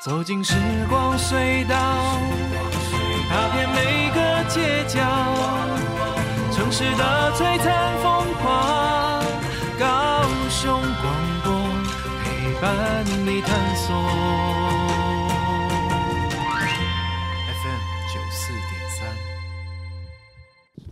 走進時光隧道，踏遍每個街角，城市的璀璨。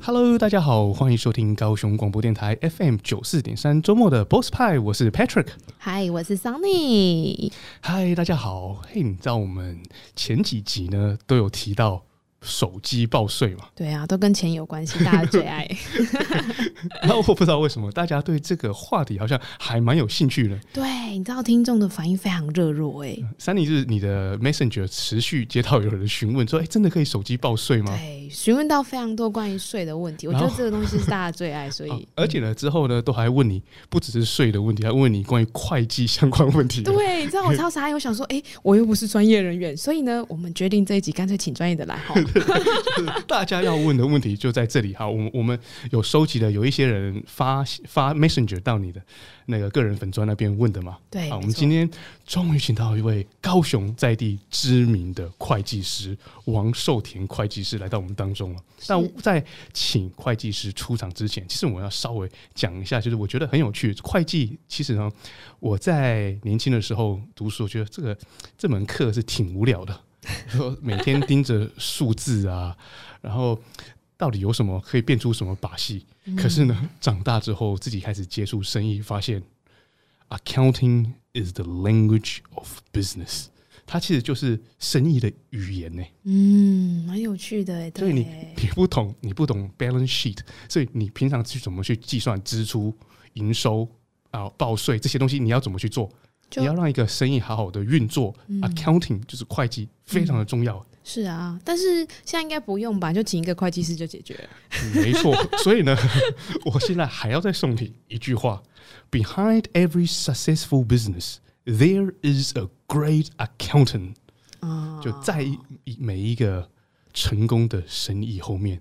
Hello，大家好，歡迎收聽高雄廣播電臺 FM 九四點三周末的 Boss 派，我是 Patrick，Hi，我是 Sunny，Hi，大家好，嘿，hey，你知道我們前幾集呢都有提到。手機報稅嘛？對啊，都跟錢有關係，大家最愛。那我不知道為什麼大家對這個話題好像還蠻有興趣的。對，你知道聽眾的反應非常熱絡哎。Sunny 是你的 Messenger 持續接到有人詢問說：“哎，真的可以手機報稅嗎？”對，詢問到非常多關於稅的問題。我覺得這個東西是大家最愛，所以而且呢，之後呢都還問你不只是稅的問題，還問你關於會計相關問題。對，你知道我超傻，我想說：“哎、欸，我又不是專業人員。”所以呢，我們決定這一集乾脆請專業的來 大家要問的問題就在這裡哈，我我們有收集了有一些人發發 Messenger 到你的那個個人粉專那邊問的嘛？對，啊好，沒錯 我們今天終於請到一位高雄在地知名的會計師王壽田會計師來到我們當中了。那在請會計師出場之前，其實我要稍微講一下，就是我覺得很有趣，會計其實呢，我在年輕的時候讀書，我覺得這個這門課是挺無聊的。說每天盯着數字啊， 然後到底有什麼可以變出什麼把戲？嗯、可是呢，長大之後自己開始接觸生意，發現、嗯、Accounting is the language of business，它其實就是生意的語言呢。嗯，蠻有趣的，對，你你不懂，你不懂 balance sheet，所以你平常去怎麼去計算支出、營收啊、報稅這些東西，你要怎麼去做？就你要讓一個生意好好的運作、嗯，accounting 就是會計，非常的重要、嗯。是啊，但是現在應該不用吧？就請一個會計師就解決了、嗯、沒錯， 所以呢，我現在還要再送你一句話：Behind every successful business, there is a great accountant、嗯。就在每一個成功的生意後面，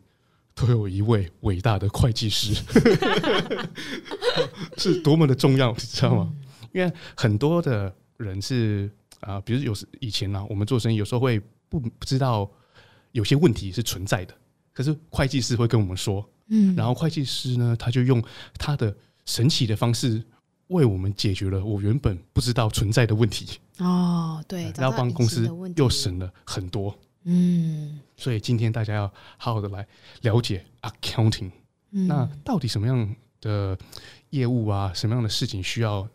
都有一位偉大的會計師， 是多麼的重要，你知道嗎？嗯因為很多的人是啊，呃，比如有時以前呢，啊，我們做生意有時候會不不知道有些問題是存在的，可是會計師會跟我們說，嗯，然後會計師呢，他就用他的神奇的方式為我們解決了我原本不知道存在的問題，哦，對，然後幫公司又省了很多，嗯，所以今天大家要好好的來了解 accounting，嗯，那到底什麼樣的業務啊，什麼樣的事情需要？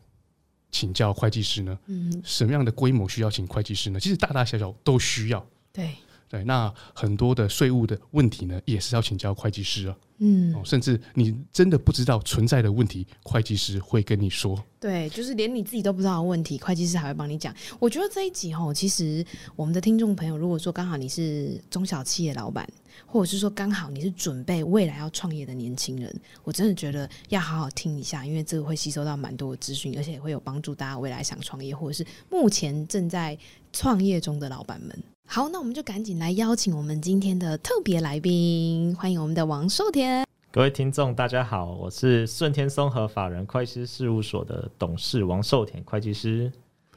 請教會計師呢？嗯哼，什麼樣的規模需要請會計師呢？其實大大小小都需要。對。對，那很多的稅務的問題呢，也是要請教會計師啊。嗯，甚至你真的不知道存在的問題，會計師會跟你說。對，就是連你自己都不知道的問題，會計師還會幫你講。我覺得這一集哦，其實我們的聽眾朋友，如果說剛好你是中小企業老闆，或者是說剛好你是準備未來要創業的年輕人，我真的覺得要好好聽一下，因為這個會吸收到蠻多的資訊，而且也會有幫助大家未來想創業，或者是目前正在創業中的老闆們。好，那我們就趕緊來邀請我們今天的特別來賓，歡迎我們的王壽田。各位聽眾，大家好，我是順天松和法人會計師事務所的董事王壽田會計師。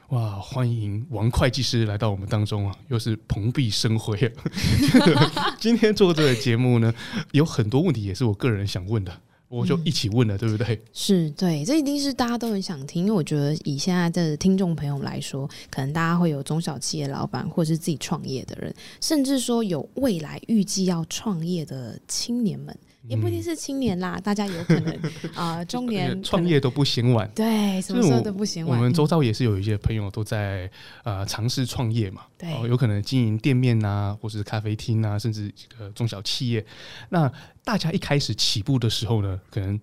哇，歡迎王會計師來到我們當中啊，又是蓬蓽生輝。 今天做這個節目呢， 有很多問題也是我個人想問的。我就一起問了，嗯、對不對？是對，這一定是大家都很想聽，因為我覺得以現在的聽眾朋友來說，可能大家會有中小企業老闆，或是自己創業的人，甚至說有未來預計要創業的青年們。也不一定是青年啦，嗯、大家有可能啊呵、呃，中年創業都不嫌晚。對，什麼時候都不嫌晚。我，我們周遭也是有一些朋友都在、嗯、呃嘗試創業嘛，對、呃，有可能經營店面吶、啊，或者是咖啡廳吶、啊，甚至呃中小企業。那大家一開始起步的時候呢，可能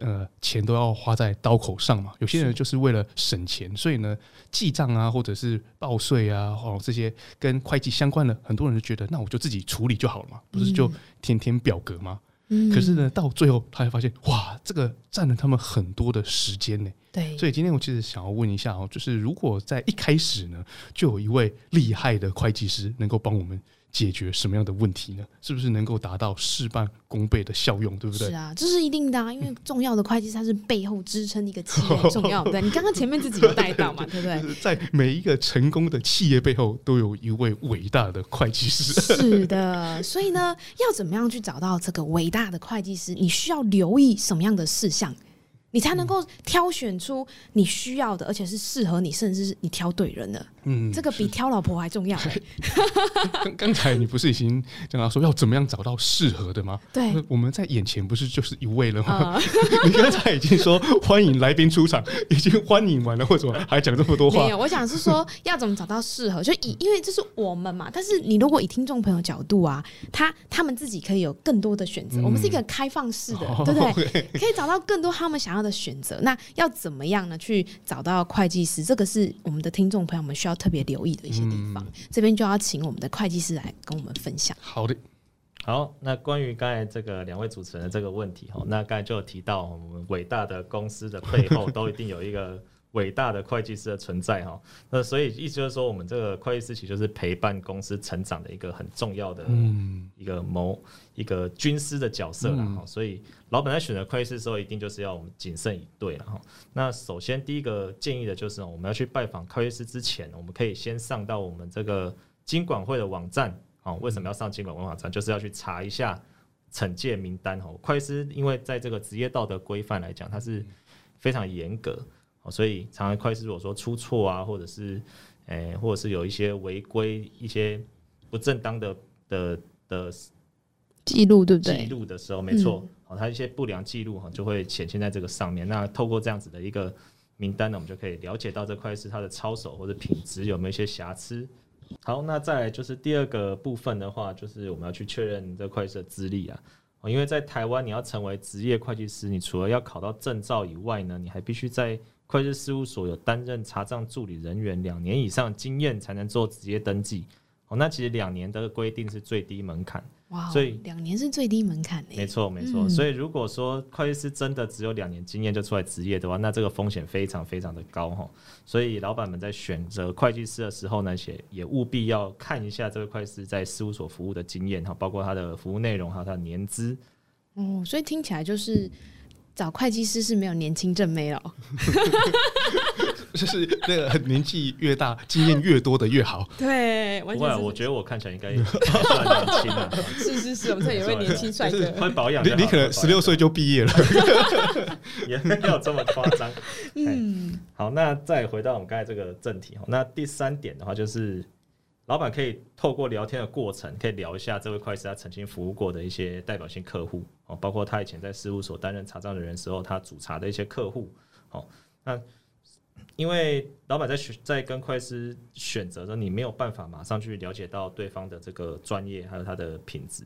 呃錢都要花在刀口上嘛。有些人就是為了省錢，所以呢記賬啊，或者是報稅啊，哦這些跟會計相關的，很多人就覺得，那我就自己處理就好了嘛，不是就填填表格嗎？嗯嗯，可是呢，到最後他還發現，哇，這個佔了他們很多的時間呢。對，所以今天我其實想要問一下哦，就是如果在一開始呢，就有一位厲害的會計師能夠幫我們。解決什麼樣的問題呢？是不是能夠達到事半功倍的效用，對不對？是啊，這是一定的啊。因為重要的會計師，它是背後支撐一個企業、嗯、重要的。你剛剛前面自己有帶到嘛， 對不對、就是？在每一個成功的企業背後，都有一位偉大的會計師。 是的，所以呢，要怎麼樣去找到這個偉大的會計師？你需要留意什麼樣的事項，你才能夠挑選出你需要的，而且是適合你，甚至是你挑對人的。嗯，這個比挑老婆還重要。剛剛才你不是已經講到說要怎麼樣找到適合的嗎？對，我們在眼前不是就是一位了嗎？嗯、 你剛才已經說歡迎來賓出場，已經歡迎完了，為什麼還講這麼多話？沒有，我想是說要怎麼找到適合， 就以因為這是我們嘛。但是你如果以聽眾朋友角度啊，他他們自己可以有更多的選擇。嗯、我們是一個開放式的，哦、對不對？okay 可以找到更多他們想要的選擇。那要怎麼樣呢？去找到會計師，這個是我們的聽眾朋友們需要特別留意的一些地方，這邊就要請我們的會計師來跟我們分享。好的，好，那關於剛才這個兩位主持人的這個問題，那剛才就有提到我們偉大的公司的背後都一定有一個 偉大的會計師的存在哈，那所以意思就是說，我們這個會計師其實就是陪伴公司成長的一個很重要的一個謀、嗯、一個一個軍師的角色了哈。嗯、所以老板在選擇會計師的時候，一定就是要我們謹慎以對了哈。那首先第一個建議的就是，我們要去拜訪會計師之前，我們可以先上到我們這個金管會的網站啊。為什麼要上金管會的網站？就是要去查一下懲戒名單哈，會計師因為在這個職業道德規範來講，它是非常嚴格。所以，常常會是，如果說出錯啊，或者是，誒、欸，或者是有一些違規、一些不正當的的的記錄，對不對？記錄的時候，沒錯。好、嗯哦，它，一些不良記錄哈，就會顯現在這個上面。那透過這樣子的一個名單呢，我們就可以了解到這塊是他的操守或者品質有沒有一些瑕疵。好，那再來就是第二個部分的話，就是我們要去確認這塊是資歷啊、哦。因為在台灣，你要成為職業會計師，你除了要考到證照以外呢，你還必須在會計師事務所有擔任查賬助理人員兩年以上經驗才能做執業登記。哦，那其實兩年的規定是最低門檻。哇，Wow, 所以兩年是最低門檻誒。沒錯，沒錯。嗯、所以如果說會計師真的只有兩年經驗就出來執業的話，那這個風險非常非常的高哈、哦。所以老闆們在選擇會計師的時候呢，也也務必要看一下這個會，會計師在事務所服務的經驗哈，包括他的服務內容還有他的年資。哦、嗯，所以聽起來就是、嗯。找會計師是沒有年輕正妹了， 就是那個年紀越大，經驗越多的越好。對，我我覺得我看起來應該算年輕的 好是是是，我們這也會年輕帥哥，會保養，你你可能十六歲就畢業了， 也沒有這麼誇張。 嗯，好，那再回到我們剛才這個正題，那第三點的話就是。老闆可以透過聊天的過程，可以聊一下這位會計師他曾經服務過的一些代表性客戶哦，包括他以前在事務所擔任查賬的人的時候，他主查的一些客戶。哦，那因為老闆在選在跟會計師選擇的時候，你沒有辦法馬上去了解到對方的這個專業，還有他的品質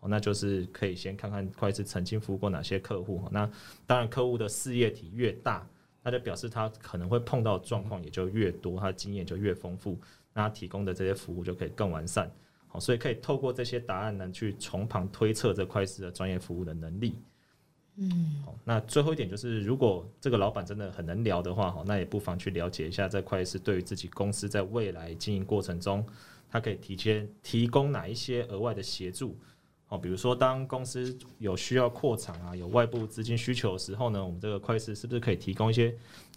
哦，那就是可以先看看會計師曾經服務過哪些客戶。那當然，客戶的事業體越大，那就表示他可能會碰到的狀況也就越多，他的經驗就越豐富。他提供的這些服務就可以更完善，好，所以可以透過這些答案呢，去從旁推測這會計師的專業服務的能力。嗯，好，那最後一點就是，如果這個老板真的很能聊的話，哈，那也不妨去了解一下，這會計師對於自己公司在未來經營過程中，他可以提前提供哪一些額外的協助。好，比如說當公司有需要擴產啊，有外部資金需求的時候呢，我們這個會計師是不是可以提供一些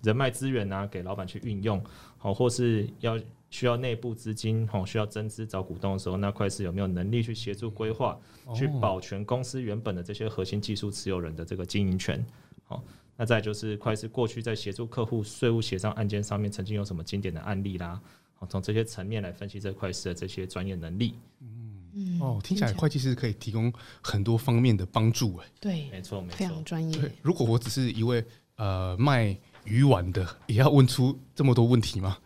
人脈資源呢、啊，給老板去運用？好，或是要需要內部資金，需要增資找股東的時候，那會計師有沒有能力去協助規劃，去保全公司原本的這些核心技術持有人的這個經營權？那再就是，會計師過去在協助客戶稅務協商案件上面，曾經有什麼經典的案例啦？從這些層面來分析這會計師的這些專業能力。嗯，哦，聽起來會計師可以提供很多方面的幫助，欸，哎，對，沒錯，沒錯，非常專業。如果我只是一位呃賣魚丸的，也要問出這麼多問題嗎？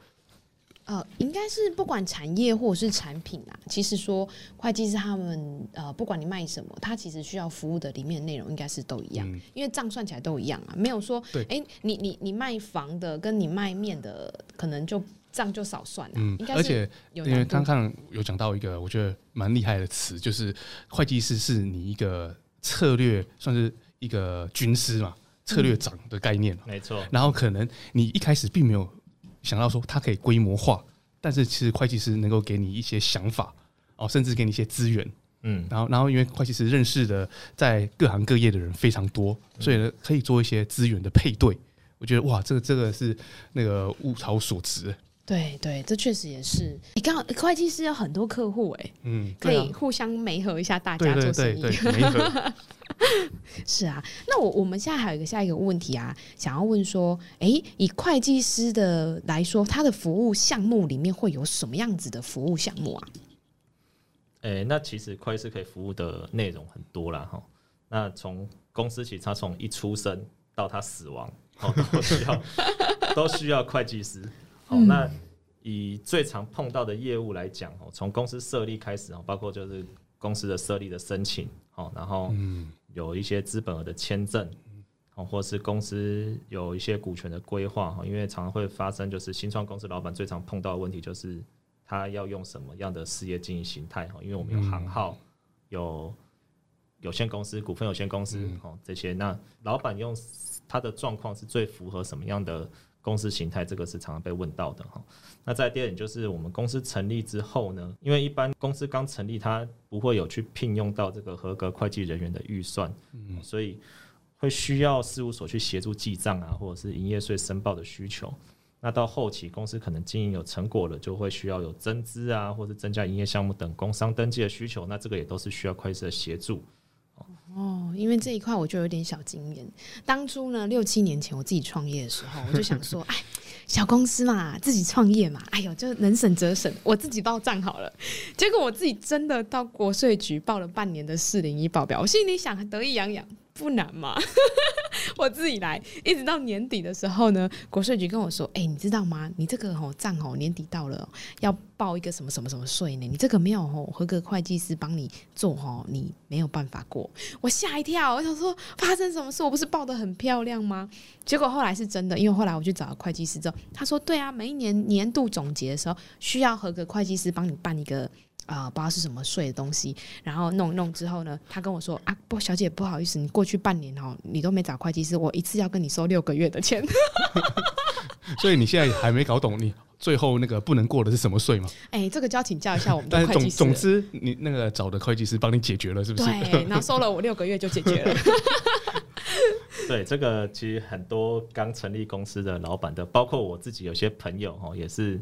呃，應該是不管產業或者是產品啊，其實說會計師他們呃，不管你賣什麼，他其實需要服務的裡面內容應該是都一樣，嗯、因為賬算起來都一樣啊，沒有說，哎對、欸，你你你，你賣房的跟你賣麵的，可能就賬就少算啊。嗯，而且因為剛剛有講到一個我覺得蠻厲害的詞，就是會計師是你一個策略，算是一個軍師嘛，策略長的概念。沒錯，嗯、然後可能你一開始並沒有。想到說它可以規模化，但是其實會計師能夠給你一些想法，哦，甚至給你一些資源，嗯，然後，然後因為會計師認識的在各行各業的人非常多，所以呢，可以做一些資源的配對。我覺得哇，這個這個是那個物超所值。對對，這確實也是。你剛好會計師有很多客戶哎、欸，嗯，啊、可以互相媒合一下，大家做生意。對，對對對， 合 是啊，那我我們現在還有一個下一個問題啊，想要問說，哎，以會計師的來說，他的服務項目裡面會有什麼樣子的服務項目啊？哎，那其實會計師可以服務的內容很多啦哈、哦。那從公司其實他從一出生到他死亡，哦、都需要 都需要會計師。好，嗯、那以最常碰到的業務來講哦，從公司設立開始哦，包括就是公司的設立的申請哦，然後有一些資本額的簽證哦，或是公司有一些股權的規劃哦，因為常常會發生就是新創公司老板最常碰到的問題就是他要用什麼樣的事業經營形態哦，因為我們有行號有有限公司、股份有限公司哦這些，那老板用他的狀況是最符合什麼樣的？公司型態這個是常常被問到的哈，那在第二點就是我們公司成立之後呢，因為一般公司剛成立，它不會有去聘用到這個合格會計人員的預算，嗯，所以會需要事務所去協助記賬啊，或者是營業稅申報的需求。那到後期公司可能經營有成果了，就會需要有增資啊，或是增加營業項目等工商登記的需求，那這個也都是需要會計師的協助。哦，因為這一塊我就有點小經驗。當初呢，六七年前我自己創業的時候，我就想說，哎，小公司嘛，自己創業嘛，哎呦，就能省則省，我自己報賬好了。結果我自己真的到國稅局報了半年的四零一報表，我心裡想得意洋洋。不難嘛， 我自己來。一直到年底的時候呢，國稅局跟我說：“誒、欸，你知道嗎？你這個吼賬吼年底到了，要報一個什麼什麼什麼稅呢？你這個沒有吼合格會計師幫你做吼，你沒有辦法過。”我嚇一跳，我想說發生什麼事？我不是報得很漂亮嗎？結果後來是真的，因為後來我去找了會計師之後，他說：“對啊，每一年年度總結的時候，需要合格會計師幫你辦一個。”啊、呃，不知道是什麼稅的東西，然後弄弄之後呢，他跟我說啊，不，小姐不好意思，你過去半年哦，你都沒找會計師，我一次要跟你收六個月的錢。 所以你現在還沒搞懂你最後那個不能過的是什麼稅嗎？哎、欸，這個就要請教一下我們的會計師。總，總之，你那個找的會計師幫你解決了是不是？對，那收了我六個月就解決了。 對，這個其實很多剛成立公司的老闆的，包括我自己有些朋友哦，也是。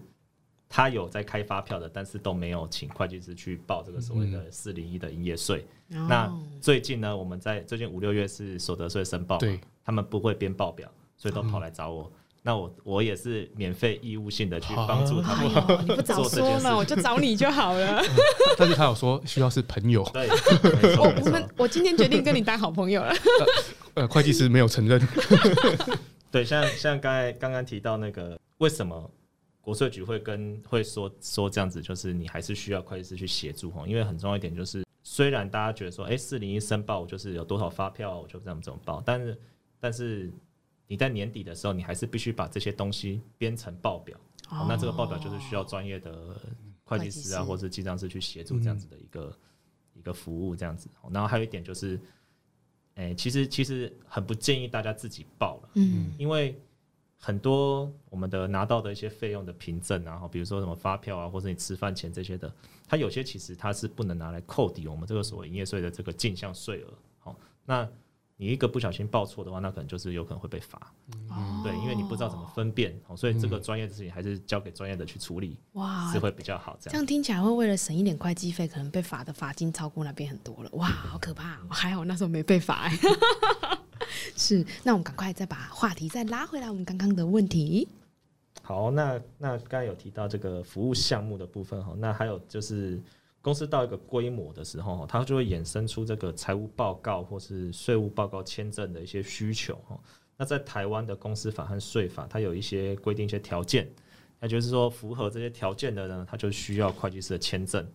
他有在開發票的，但是都沒有請會計師去報這個所謂的四零一的營業稅。嗯、那最近呢，我們在最近五六月是所得稅申報，對，他們不會編報表，所以都跑來找我。嗯、那我我也是免費義務性的去幫助他們。哦哎、你不早說嘛，我就找你就好了。 嗯、但是他有說需要是朋友。對 哦、我不不我今天決定跟你當好朋友了。 呃，呃，會計師沒有承認。 對，像像剛才剛剛提到那個，為什麼？國稅局會跟會說說這樣子，就是你還是需要會計師去協助哈，因為很重要一點就是，雖然大家覺得說，誒四零一申報我就是有多少發票，我就這樣怎麼報，但是但是你在年底的時候，你還是必須把這些東西編成報表。哦，好，那這個報表就是需要專業的會計師啊，師或者記賬師去協助這樣子的一個、嗯、一個服務這樣子。然後還有一點就是，誒、欸、其實其實很不建議大家自己報了，嗯，因為。很多我們的拿到的一些費用的憑證啊，比如說什麼發票啊，或者你吃飯錢這些的，它有些其實它是不能拿來扣抵我們這個所謂營業稅的這個進項稅額。好、哦，那你一個不小心報錯的話，那可能就是有可能會被罰。嗯，對，因為你不知道怎麼分辨，好、哦，所以這個專業的事情還是交給專業的去處理。哇、嗯，是會比較好這樣。這樣聽起來會為了省一點會計費，可能被罰的罰金超過那邊很多了。哇，好可怕、啊！我還好那時候沒被罰、欸。 是，那我們趕快再把話題再拉回來，我們剛剛的問題。好，那那剛才有提到這個服務項目的部分哈，那還有就是公司到一個規模的時候，它就會衍生出這個財務報告或是稅務報告簽證的一些需求哈。那在台灣的公司法和稅法，它有一些規定一些條件，那就是說，符合這些條件的人，它就需要會計師的簽證。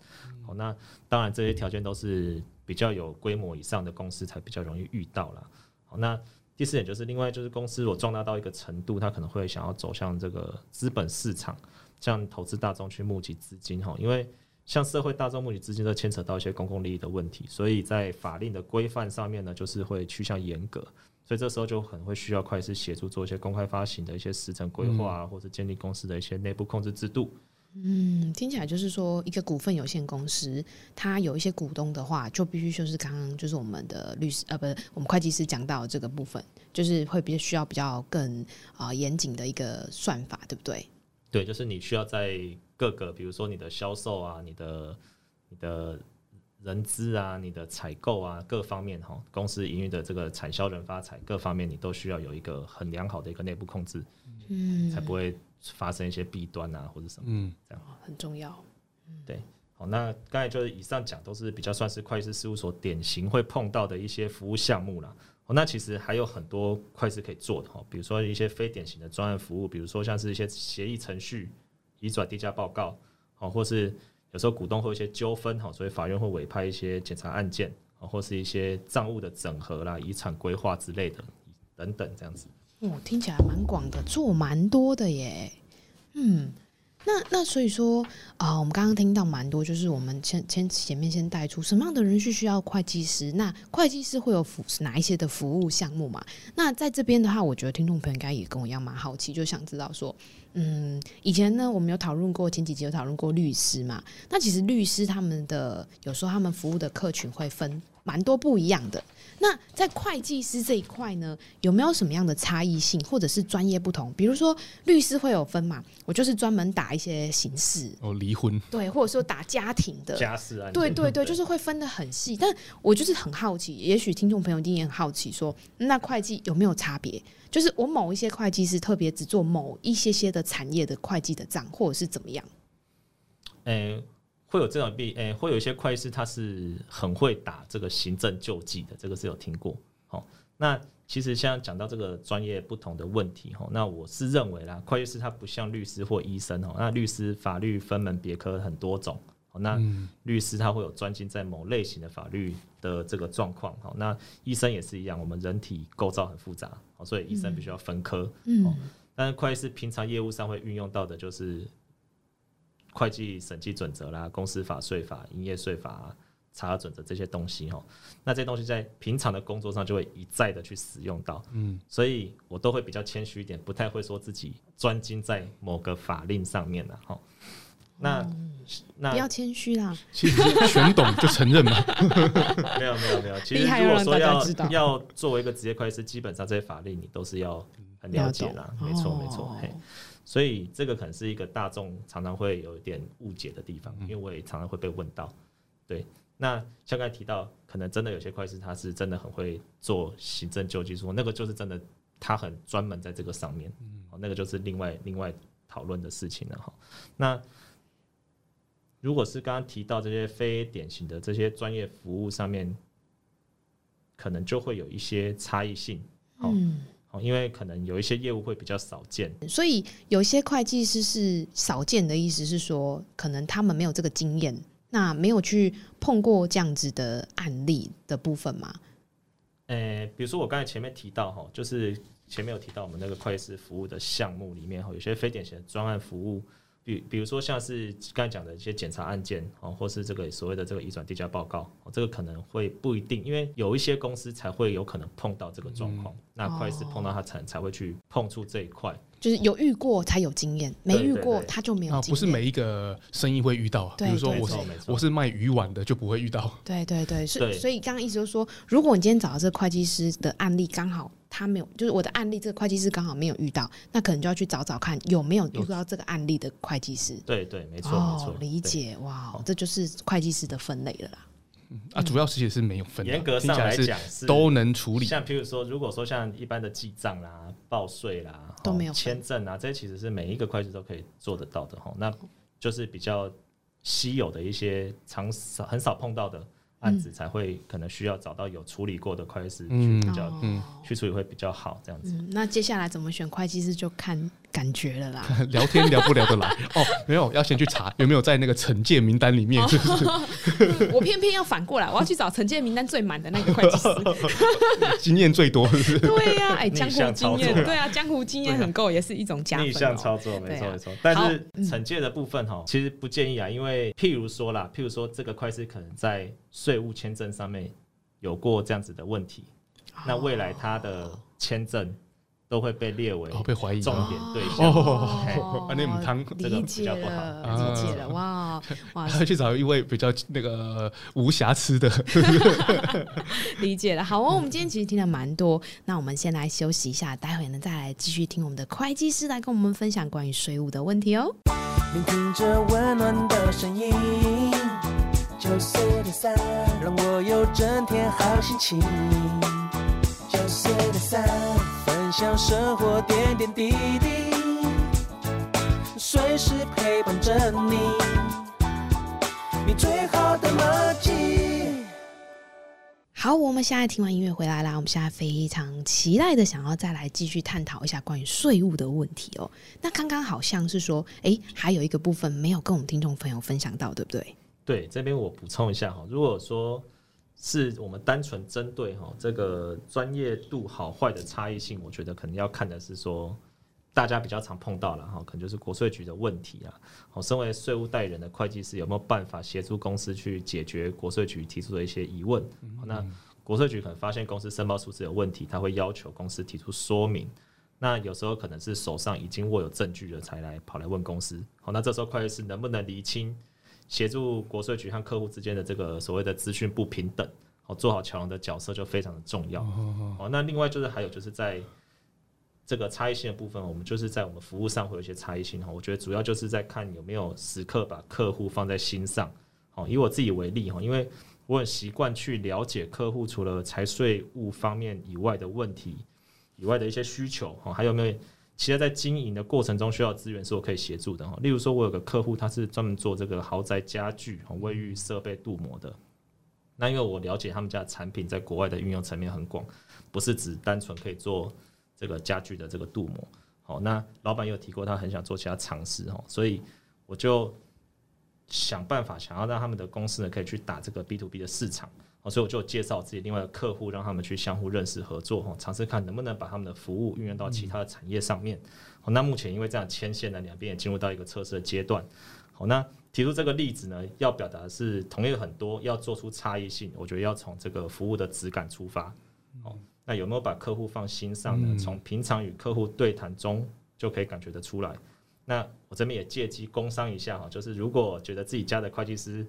好，那當然這些條件都是比較有規模以上的公司才比較容易遇到了。好，那第四點就是，另外就是公司如果壯大到一個程度，它可能會想要走向這個資本市場，向投資大眾去募集資金，哈，因為向社會大眾募集資金都牽扯到一些公共利益的問題，所以在法令的規範上面呢，就是會趨向嚴格，所以這時候就很會需要會計師協助做一些公開發行的一些時程規劃啊，嗯、或者建立公司的一些內部控制制度。嗯，聽起來就是說，一個股份有限公司，它有一些股東的話，就必須就是剛剛就是我們的律師，呃、啊，不是我們會計師講到這個部分，就是會比較需要比較更啊嚴謹的一個算法，對不對？對，就是你需要在各個，比如說你的銷售啊、你的你的人資啊、你的採購啊各方面哈、喔，公司營運的這個產銷人發財各方面，你都需要有一個很良好的一個內部控制，嗯，才不會。發生一些弊端啊，或者什麼，嗯，這樣很重要。嗯，對，好，那剛才就是以上講都是比較算是會計師事務所典型會碰到的一些服務項目啦。哦，那其實還有很多會計師可以做的哈，比如說一些非典型的專案服務，比如說像是一些協議程序、移轉訂價報告，哦，或是有時候股東會有一些糾紛，哈，所以法院會委派一些檢查案件，哦，或是一些賬務的整合啦、遺產規劃之類的，等等這樣子。哦，聽起來蠻廣的，做蠻多的耶。嗯，那那所以說啊、呃，我們剛剛聽到蠻多，就是我們前前前面先帶出什麼樣的人是需要會計師，那會計師會有服哪一些的服務項目嘛？那在這邊的話，我覺得聽眾朋友應該也跟我一樣蠻好奇，就想知道說，嗯，以前呢我們有討論過，前幾集有討論過律師嘛？那其實律師他們的有時候他們服務的客群會分。蠻多不一樣的。那在會計師這一塊呢，有沒有什麼樣的差異性，或者是專業不同？比如說，律師會有分嘛？我就是專門打一些刑事哦，離婚對，或者說打家庭的家事、啊、對對對，對就是會分得很細。但我就是很好奇，也許聽眾朋友一定也很好奇說，說那會計有沒有差別？就是我某一些會計師特別只做某一些些的產業的會計的賬，或者是怎麼樣？誒。欸會有這種病誒、欸，會有一些會計師他是很會打這個行政救濟的，這個是有聽過。哦。那其實現在講到這個專業不同的問題，哈、哦，那我是認為啦，會計師他不像律師或醫生，哈、哦，那律師法律分門別科很多種，哦、那律師他會有專精在某類型的法律的這個狀況，哈、哦，那醫生也是一樣，我們人體構造很複雜，哦、所以醫生必須要分科，嗯、哦，但是會計師平常業務上會運用到的就是。會計審計準則啦，公司法、稅法、營業稅法、啊、查準的這些東西哦、喔，那這些東西在平常的工作上就會一再的去使用到，嗯，所以我都會比較謙虛一點，不太會說自己專精在某個法令上面的、喔、那、嗯、那不要謙虛啦，其實全懂就承認嘛 ，沒有沒有沒有，其實如果說要要作為一個職業會計師，基本上這些法令你都是要很了解啦，嗯、沒錯沒錯，嘿。所以這個可能是一個大眾常常會有一點誤解的地方，因為我也常常會被問到。對，那像剛才提到，可能真的有些會計師他是真的很會做行政救濟術，那個就是真的他很專門在這個上面，嗯，那個就是另外另外討論的事情了哈。那如果是剛剛提到這些非典型的這些專業服務上面，可能就會有一些差異性，嗯。因為可能有一些業務會比較少見，所以有一些會計師是少見的意思是說，可能他們沒有這個經驗，那沒有去碰過這樣子的案例的部分嗎？誒、欸，比如說我剛才前面提到哈，就是前面有提到我們那個會計師服務的項目裡面哈，有些非典型的專案服務。比比如說像是剛才講的一些檢查案件啊、哦，或是這個所謂的這個移轉定價報告、哦，這個可能會不一定，因為有一些公司才會有可能碰到這個狀況。嗯、那會計師碰到他才、哦、才會去碰觸這一塊，就是有遇過才有經驗，沒遇過他就沒有經驗、哦。不是每一個生意會遇到，對對對，比如說我是我是賣魚丸的，就不會遇到。對對對，是。對所以剛剛一直都說，如果你今天找到這個會計師的案例，剛好。他沒有，就是我的案例，這個會計師剛好沒有遇到，那可能就要去找找看有沒有遇到這個案例的會計師。對對，沒錯、哦、沒錯錯，理解對哇，這就是會計師的分類了啦。啊，嗯、主要其實是沒有分的，嚴格上來講是，來是，是都能處理。像譬如說，如果說像一般的記賬啦、報稅啦、都沒有簽、哦、證啦、啊、這些其實是每一個會計師都可以做得到的吼、哦，那就是比較稀有的一些，常少很少碰到的。案子才會可能需要找到有處理過的會計師去比較，去處理會比較好這樣子、嗯哦嗯嗯。那接下來怎麼選會計師就看感覺了啦，聊天聊不聊得來 哦？沒有，要先去查有沒有在那個懲戒名單裡面。我偏偏要反過來， 我要去找懲戒名單最滿的那個會計師， 經驗最多是是對，啊。對呀，哎，江湖經驗，對啊，江湖經驗很夠也是一種加分、喔啊。逆向操作沒錯沒錯，但是懲、嗯、戒的部分哈，其實不建議啊，因為譬如說啦，譬如說這個會計師可能在。稅務簽證上面有過這樣子的問題，哦、那未來他的簽證都會被列為被懷疑重點對象。哦，這個比較不好理解、嗯、理解了，哇哇！要去找一位比較那個無瑕疵的。 理解了，好啊、哦！我們今天其實聽的蠻多，嗯、那我們先來休息一下，待會呢再來繼續聽我們的會計師來跟我們分享關於稅務的問題哦。聆聽著溫暖的聲音，九四的三，sun, 讓我有整天好心情。九四的三，分享生活點點滴滴，隨時陪伴着你，你最好的默契。好，我們現在聽完音樂回來啦。我們現在非常期待的想要再來繼續探討一下關於稅務的問題哦。那剛剛好像是說，哎，還有一個部分沒有跟我們聽眾朋友分享到，對不對？對，這邊我補充一下哈，如果說是我們單純針對哈這個專業度好壞的差異性，我覺得可能要看的是說，大家比較常碰到了哈，可能就是國稅局的問題啊。好，身為稅務代理人的會計師，有沒有辦法協助公司去解決國稅局提出的一些疑問？嗯嗯嗯。那國稅局可能發現公司申報數字有問題，他會要求公司提出說明。那有時候可能是手上已經握有證據了，才來跑來問公司。好，那這時候會計師能不能厘清？協助國稅局和客戶之間的這個所謂的資訊不平等，好，做好橋樑的角色就非常的重要。好，oh, oh, oh. 那另外就是還有就是在這個差異性的部分，我們就是在我們服務上會有一些差異性。哈，我覺得主要就是在看有沒有時刻把客戶放在心上。好，以我自己為例哈，因為我很習慣去了解客戶除了財稅務方面以外的問題以外的一些需求。哈，還有沒有？其實，在經營的過程中，需要資源是我可以協助的哈。例如說，我有個客戶，他是專門做這個豪宅家具、和衛浴設備鍍膜的。那因為我了解他們家的產品，在國外的運用層面很廣，不是只單純可以做這個家具的這個鍍膜。好，那老闆有提過他很想做其他嘗試哦，所以我就想辦法，想要讓他們的公司呢，可以去打這個 B to B 的市場。哦，所以我就介紹自己另外的客戶，讓他們去相互認識合作，哈，嘗試看能不能把他們的服務運用到其他的產業上面。哦、嗯，那目前因為這樣牽線呢，兩邊也進入到一個測試的階段。好，那提出這個例子呢，要表達的是同業很多要做出差異性，我覺得要從這個服務的質感出發。哦、嗯，那有沒有把客戶放心上呢？從、嗯、平常與客戶對談中就可以感覺得出來。那我這邊也借機工商一下哈，就是如果覺得自己家的會計師。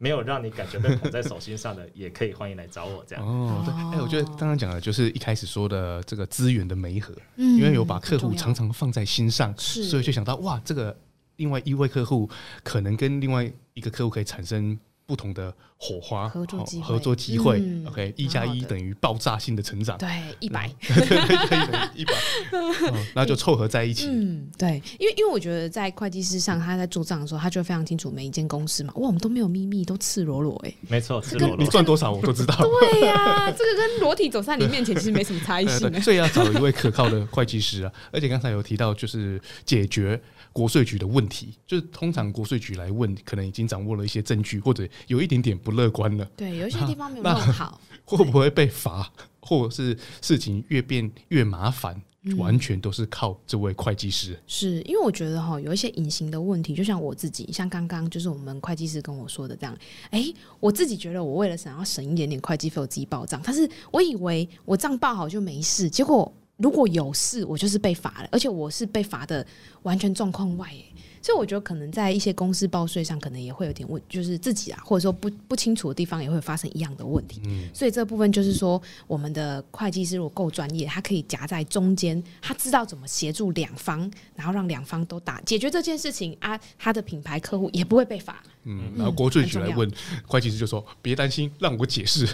沒有讓你感覺被捧在手心上的， 也可以歡迎來找我這樣。哦，對，哎，我覺得剛剛講的就是一開始說的這個資源的媒合，嗯、因為有把客戶常常放在心上，嗯、是，所以就想到哇，這個另外一位客戶可能跟另外一個客戶可以產生。不同的火花合作機會，合作機會，OK，一加一等於爆炸性的成長。對，一百，一百，一百，那就湊合在一起。嗯，對，因為因為我覺得在會計師上，他在做賬的時候，他就非常清楚每一間公司嘛。哇，我們都沒有秘密，都赤裸裸哎，沒錯，赤裸裸，你賺多少我都知道。對呀，這個跟裸體走在你面前其實沒什麼差異性。所以要找一位可靠的會計師啊，而且剛才有提到就是解決。國稅局的問題，就是通常國稅局來問，可能已經掌握了一些證據，或者有一點點不樂觀了。對，有一些地方沒有弄好，會不會被罰，對或者是事情越變越麻煩？嗯、完全都是靠這位會計師。是因為我覺得哈、喔，有一些隱形的問題，就像我自己，像剛剛就是我們會計師跟我說的這樣。哎、欸，我自己覺得我為了想要省一點點會計費，我自己報賬，但是我以為我賬報好就沒事，結果。如果有事，我就是被罰了，而且我是被罰的完全狀況外耶，所以我覺得可能在一些公司報稅上，可能也會有點問，就是自己啊，或者說不不清楚的地方，也會發生一樣的問題。嗯，所以這部分就是說，我們的會計師如果夠專業，他可以夾在中間，他知道怎麼協助兩方，然後讓兩方都打解決這件事情啊，他的品牌客戶也不會被罰。嗯，然後國稅局來問會計師，就說：“別擔心，讓我解釋。”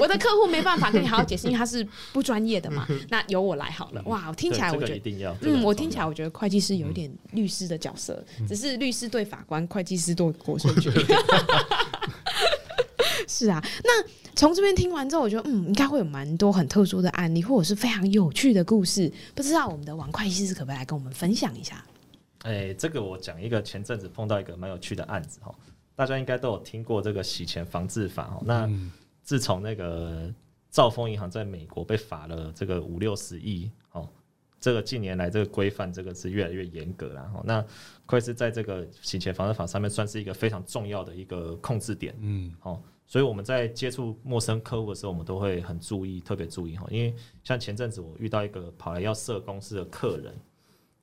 我的客戶沒辦法跟你好好解釋，因為他是不專業的嘛。那由我來好了。哇，我聽起來我覺得，一定要。嗯，我聽起來我覺得會計師有一點律師的角色，只是律師對法官，會計師對國稅局。是啊，那從這邊聽完之後，我覺得嗯，應該會有蠻多很特殊的案例，或者是非常有趣的故事。不知道我們的王會計師可不可以來跟我們分享一下？誒、欸，這個我講一個前陣子碰到一個蠻有趣的案子哈，大家應該都有聽過這個洗錢防治法哦。那自從那個兆豐銀行在美國被罰了這個五六十億哦，這個近年來這個規範這個是越來越嚴格了哈。那虧是在這個洗錢防治法上面算是一個非常重要的一個控制點，嗯，哦，所以我們在接觸陌生客戶的時候，我們都會很注意，特別注意哈，因為像前陣子我遇到一個跑來要設公司的客人，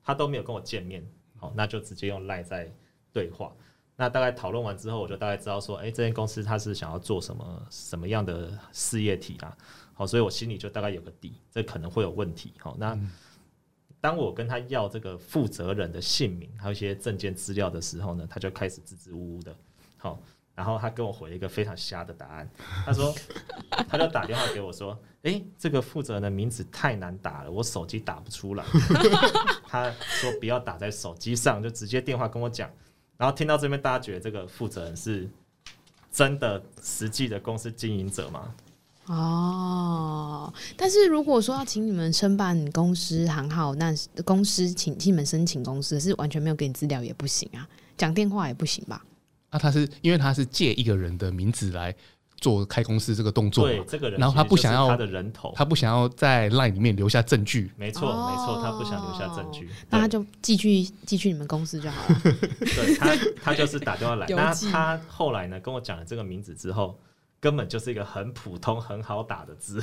他都沒有跟我見面。好，那就直接用賴在對話。那大概討論完之後，我就大概知道說，欸，這間公司他是想要做什麼什麼樣的事業體啦。好，所以我心裡就大概有個底，這可能會有問題。好，那當我跟他要這個負責人的姓名還有一些證件資料的時候呢，他就開始支支吾吾的。好，然後他跟我回了一個非常瞎的答案，他說，他就打電話給我說，欸，這個負責人的名字太難打了，我手機打不出來。 他說：“不要打在手機上，就直接電話跟我講。”然後聽到這邊，大家覺得這個負責人是真的實際的公司經營者嗎？哦，但是如果說要請你們申辦公司行號，那公司請,請替你們申請公司是完全沒有給你資料也不行啊，講電話也不行吧？那、啊、他是因為他是借一個人的名字來。做開公司這個動作，對，這個人，然後他不想要他的人頭，他不想要在 Line 裡面留下證據。沒錯錯，哦、沒錯，他不想留下證據，哦、對那他就寄去寄去你們公司就好了。對他，他就是打電話來， 那他，他後來呢跟我講了這個名字之後，根本就是一個很普通、很好打的字。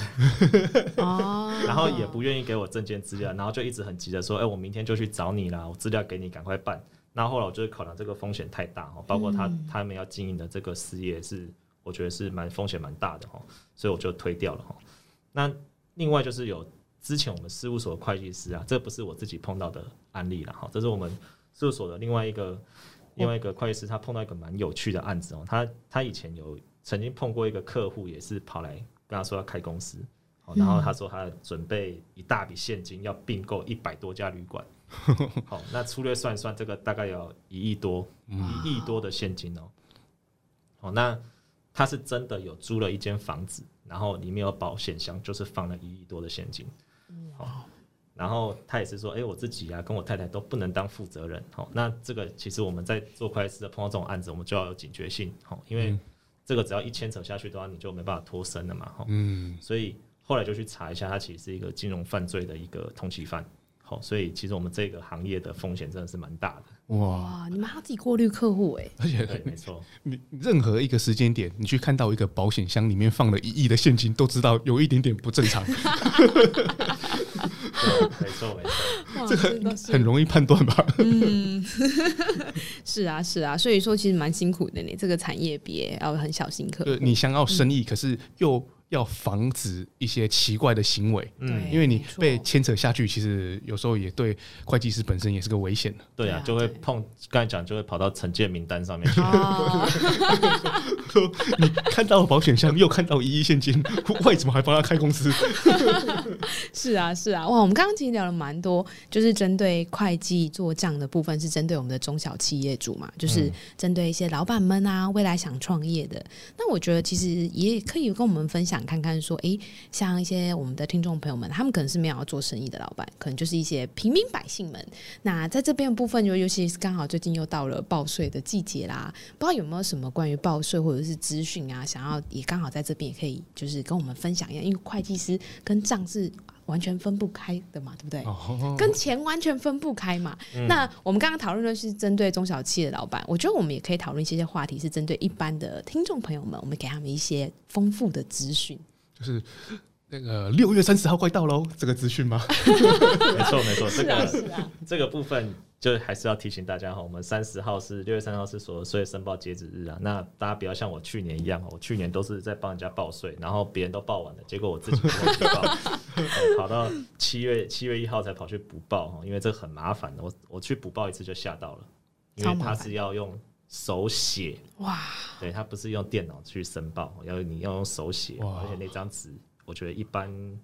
哦、 然後也不願意給我證件資料，然後就一直很急着說：“哎、欸，我明天就去找你啦，我資料給你，趕快辦。”那後，後來我就是考量這個風險太大哦，包括他、嗯、他們要經營的這個事業是。我覺得是蠻風險蠻大的哈，所以我就推掉了哈。那另外就是有之前我們事務所的會計師啊，這不是我自己碰到的案例了哈，這是我們事務所的另外一個另外一個會計師，他碰到一個蠻有趣的案子哦。他他以前有曾經碰過一個客戶，也是跑來跟他說要開公司，哦，然後他說他準備一大筆現金要併購一百多家旅館，好，那粗略算一算，這個大概有一億多一億多的現金哦，好那。他是真的有租了一間房子，然後裡面有保險箱，就是放了一億多的現金。嗯、哦，然後他也是說，哎、欸，我自己啊，跟我太太都不能當負責人。好、哦，那這個其實我們在做會計師的碰到這種案子，我們就要有警覺性。好、哦，因為這個只要一牽扯下去的話，你就沒辦法脫身了嘛。哈、哦，嗯，所以後來就去查一下，他其實是一個金融犯罪的一個通緝犯。好、哦，所以其實我們這個行業的風險真的是蠻大的。哇！Wow, wow, 你們還要自己過濾客戶哎！而且對，沒錯，你任何一個時間點，你去看到一個保險箱裡面放了一億的現金，都知道有一點點不正常。 對，沒錯，錯，這個很，很容易判斷吧？ 嗯， 是啊是啊，所以說其實蠻辛苦的。你這個產業別要很小心客，客你想要生意，嗯、可是又。要防止一些奇怪的行為，嗯對，因為你被牽扯下去，嗯、其實有時候也對會計師本身也是個危險的。對啊，對啊就會碰，剛對才講就會跑到懲戒名單上面去。Oh. 你看到保險箱，又看到一億現金，為什麼還幫他開公司？ 是啊，是啊，哇，我們剛剛其實聊了蠻多，就是針對會計做賬的部分，是針對我們的中小企業主嘛，就是針對一些老闆們啊，未來想創業的。那我覺得其實也可以跟我們分享看看，說，誒、欸，像一些我們的聽眾朋友們，他們可能是沒有要做生意的老闆，可能就是一些平民百姓們。那在這邊的部分，就尤其是剛好最近又到了報稅的季節啦，不知道有沒有什麼關於報稅或者是資訊啊，想要也剛好在這邊也可以就是跟我們分享一下，因為會計師跟賬是。完全分不開的嘛，對不對？哦哦哦、跟錢完全分不開嘛。嗯、那我們剛剛討論的是針對中小企業的老闆，我覺得我們也可以討論一些話題，是針對一般的聽眾朋友們，我們給他們一些豐富的資訊。就是那個六月三十號快到嘍，這個資訊嗎？ 沒錯，沒錯，這個、啊啊、這個部分。就還是要提醒大家哈，我們三十號是六月三號是所得稅申報截止日啊。那大家不要像我去年一樣，我去年都是在幫人家報稅，然後別人都報完了，結果我自己沒報、 嗯，跑到七月七月一號才跑去補報哈，因為這很麻煩的。我我去補報一次就嚇到了，因為他是要用手寫哇，對他不是用電腦去申報，要你要用手寫，哇而且那張紙我覺得一般。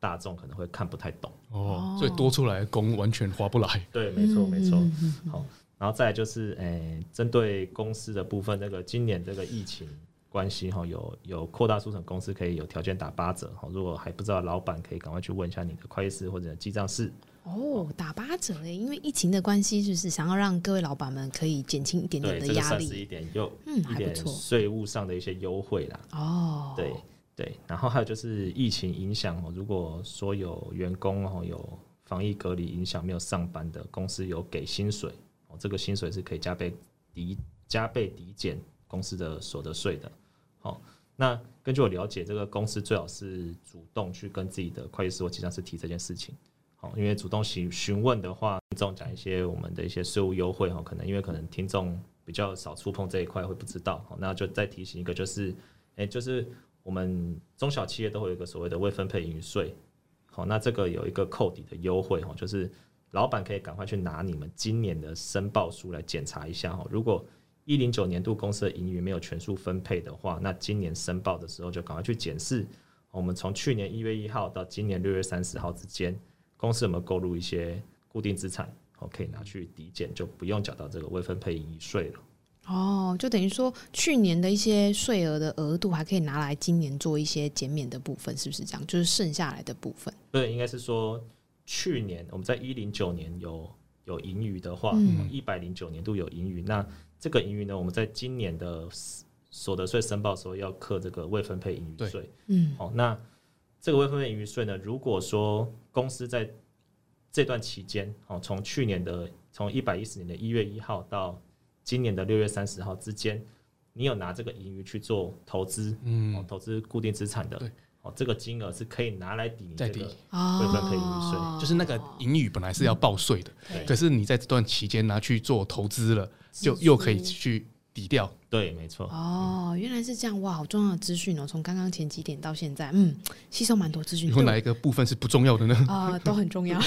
大眾可能會看不太懂哦，oh, 所以多出來的工完全划不來。對，沒錯，沒錯。好，然後再就是，誒、欸，針對公司的部分，這、那個今年這個疫情關係哈，有有擴大速成公司可以有條件打八折。哈，如果還不知道，老闆可以趕快去問一下你的會計師或者記帳士。哦，oh, 打八折誒，因為疫情的關係，就是想要讓各位老闆們可以減輕一點點的壓力，一點六，嗯，還不錯，稅務上的一些優惠啦。哦，oh. 對。對，然後還有就是疫情影響，如果說有員工哦，有防疫隔離影響沒有上班的，公司有給薪水哦，這個薪水是可以加倍抵加倍抵減公司的所得稅的。好，那根據我了解，這個公司最好是主動去跟自己的會計師或記賬師提這件事情。好，因為主動詢詢問的話，聽眾講一些我們的一些稅務優惠哈，可能因為可能聽眾比較少觸碰這一塊會不知道。好，那就再提醒一個，就是誒，就是哎，就是。我們中小企業都會有一個所謂的未分配盈餘稅，好，那這個有一個扣抵的優惠，哈，就是老板可以趕快去拿你們今年的申報書來檢查一下，哈，如果一零九年度公司的盈餘沒有全數分配的話，那今年申報的時候就趕快去檢視，我們從去年一月一號到今年六月三十號之間，公司有沒有購入一些固定資產，好，可以拿去抵減，就不用繳到這個未分配盈餘稅了。哦，oh, 就等於說，去年的一些稅額的額度還可以拿來今年做一些減免的部分，是不是這樣？就是剩下來的部分。對，應該是說，去年我們在一零九年有有盈餘的話，一百零九年度有盈餘，那這個盈餘呢，我們在今年的所得稅申報時候要課這個未分配盈餘稅。嗯，好、哦，那這個未分配盈餘稅呢，如果說公司在這段期間，哦，從去年的從一百一十年的一月一號到今年的六月三十號之間，你有拿這個盈餘去做投資，嗯，喔、投資固定資產的，哦對、喔，這個金額是可以拿來抵你這個部本可以就是那個盈餘本來是要報稅的、嗯，對，可是你在這段期間拿去做投資了，就又可以去。低調對，沒錯。哦，原來是這樣哇，好重要的資訊哦！從剛剛前幾點到現在，嗯，吸收蠻多資訊。有用 對哪一個部分是不重要的呢？啊、呃，都很重要。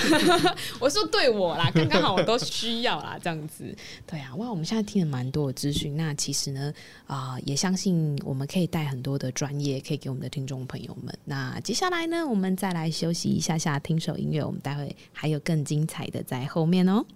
我說對我啦，剛剛 好我都需要啦，這樣子。對啊，哇，我們現在聽了蠻多的資訊，那其實呢，啊、呃，也相信我們可以帶很多的專業，可以給我們的聽眾朋友們。那接下來呢，我們再來休息一下下，聽首音樂。我們待會還有更精彩的在後面哦、喔。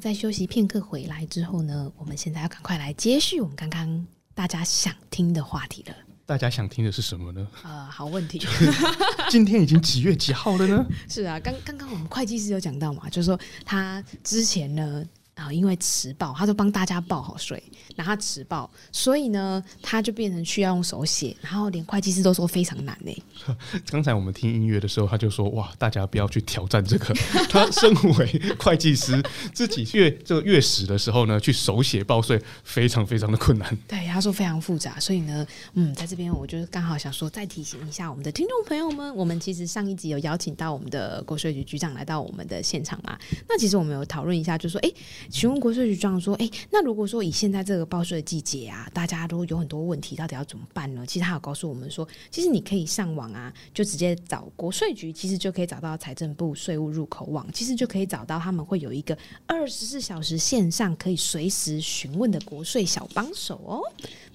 在休息片刻回來之後呢，我們現在要趕快來接續我們剛剛大家想聽的話題了。大家想聽的是什麼呢？呃，好問題。今天已經幾月幾號了呢？ 是啊，剛剛剛我們會計師有講到嘛，就是說他之前呢。然後因為遲報，他就幫大家報好稅，然後遲報，所以呢，他就變成需要用手寫，然後連會計師都說非常難呢。剛才我們聽音樂的時候，他就說：“哇，大家不要去挑戰這個。”他身為會計師， 自己去這個月始的時候呢，去手寫報稅非常非常的困難。對，他說非常複雜，所以呢，嗯，在這邊，我就是剛好想說，再提醒一下我們的聽眾朋友們，我們其實上一集有邀請到我們的國稅局局長來到我們的現場嘛？那其實我們有討論一下、就是，就說，哎。詢問國稅局長說：“誒，那如果說以現在這個報稅的季節啊，大家都有很多問題，到底要怎麼辦呢？”其實他有告訴我們說：“其實你可以上網啊，就直接找國稅局，其實就可以找到財政部稅務入口網，其實就可以找到他們會有一個二十四小時線上可以隨時詢問的國稅小幫手哦。”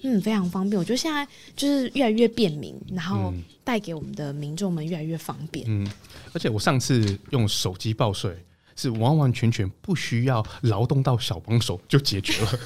嗯，非常方便。我覺得現在就是越來越便民，然後帶給我們的民眾們越來越方便。嗯，而且我上次用手機報稅。是完完全全不需要勞動到小幫手就解決了，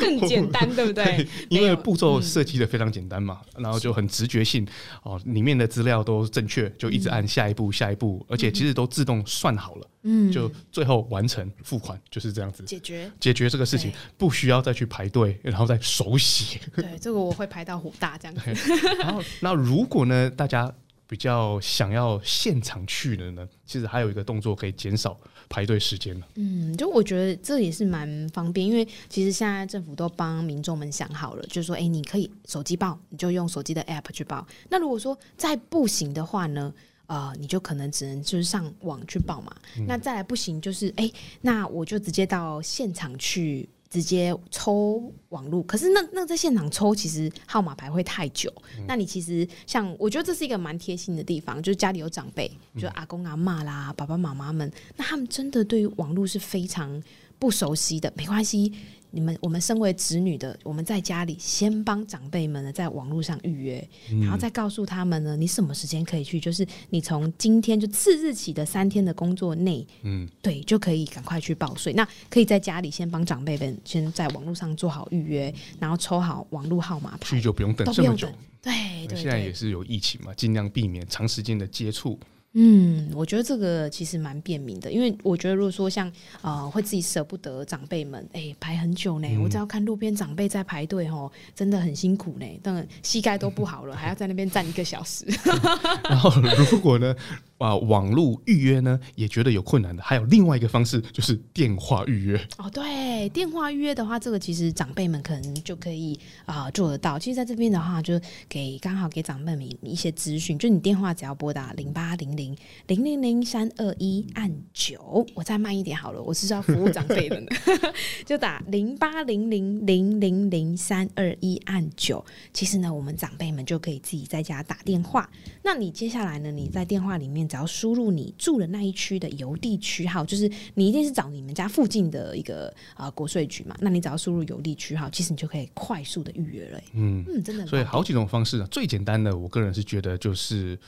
更簡單，對不對？因為步驟設計得非常簡單嘛，有然後就很直覺性、嗯、哦，裡面的資料都正確，就一直按下一步、嗯、下一步，而且其實都自動算好了，嗯，就最後完成付款，就是這樣子解決解決這個事情，對 不需要再去排隊，然後再手寫。對，這個我會排到火大這樣子對。然後，那如果呢，大家，比較想要現場去的人呢，其實還有一個動作可以減少排隊時間。嗯，就我覺得這也是蠻方便，因為其實現在政府都幫民眾們想好了，就是說，哎，你可以手機報，你就用手機的 app 去報。那如果說再不行的話呢，呃，你就可能只能就是上網去報嘛。嗯，那再來不行，就是哎，那我就直接到現場去。直接抽網路，可是那那在現場抽，其實號碼牌會太久。嗯、那你其實像，我覺得這是一個蠻貼心的地方，就是家裡有長輩，就阿公阿嬤啦、嗯、爸爸媽媽們，那他們真的對於網路是非常不熟悉的。沒關係。嗯你們，我們身為子女的，我們在家裡先幫長輩們呢，在網絡上預約，然後再告訴他們呢，你什麼時間可以去？就是你從今天就次日起的三天的工作內，嗯，對，就可以趕快去報稅。那可以在家裡先幫長輩們先在網絡上做好預約，然後抽好網絡號碼牌去就不用等，不用等這麼久。對，對對對，現在也是有疫情嘛，尽量避免長時間的接觸。嗯，我覺得這個其實蠻便民的，因為我覺得如果說像呃，會自己捨不得長輩們，哎、欸，排很久呢。嗯，我只要看路邊長輩在排隊，吼，真的很辛苦呢，但膝蓋都不好了，還要在那邊站一個小時。 然後如果呢，啊，網絡預約呢也覺得有困難的，還有另外一個方式就是電話預約。哦，對，電話預約的話，這個其實長輩們可能就可以啊、呃、做得到。其實，在這邊的話，就給剛好給長輩們一些資訊，就你電話只要撥打零八零零零零零三二一按九，我再慢一點好了，我是要服務長輩們的， 就打零八零零零零零三二一按九。其實呢，我們長輩們就可以自己在家打電話。那你接下來呢？你在電話裡面。只要輸入你住的那一區的郵遞區號，就是你一定是找你們家附近的一個啊、呃、國稅局嘛。那你只要輸入郵遞區號，其實你就可以快速的預約了、欸。嗯嗯，真的很棒。所以好幾種方式呢、啊，最簡單的，我個人是覺得就是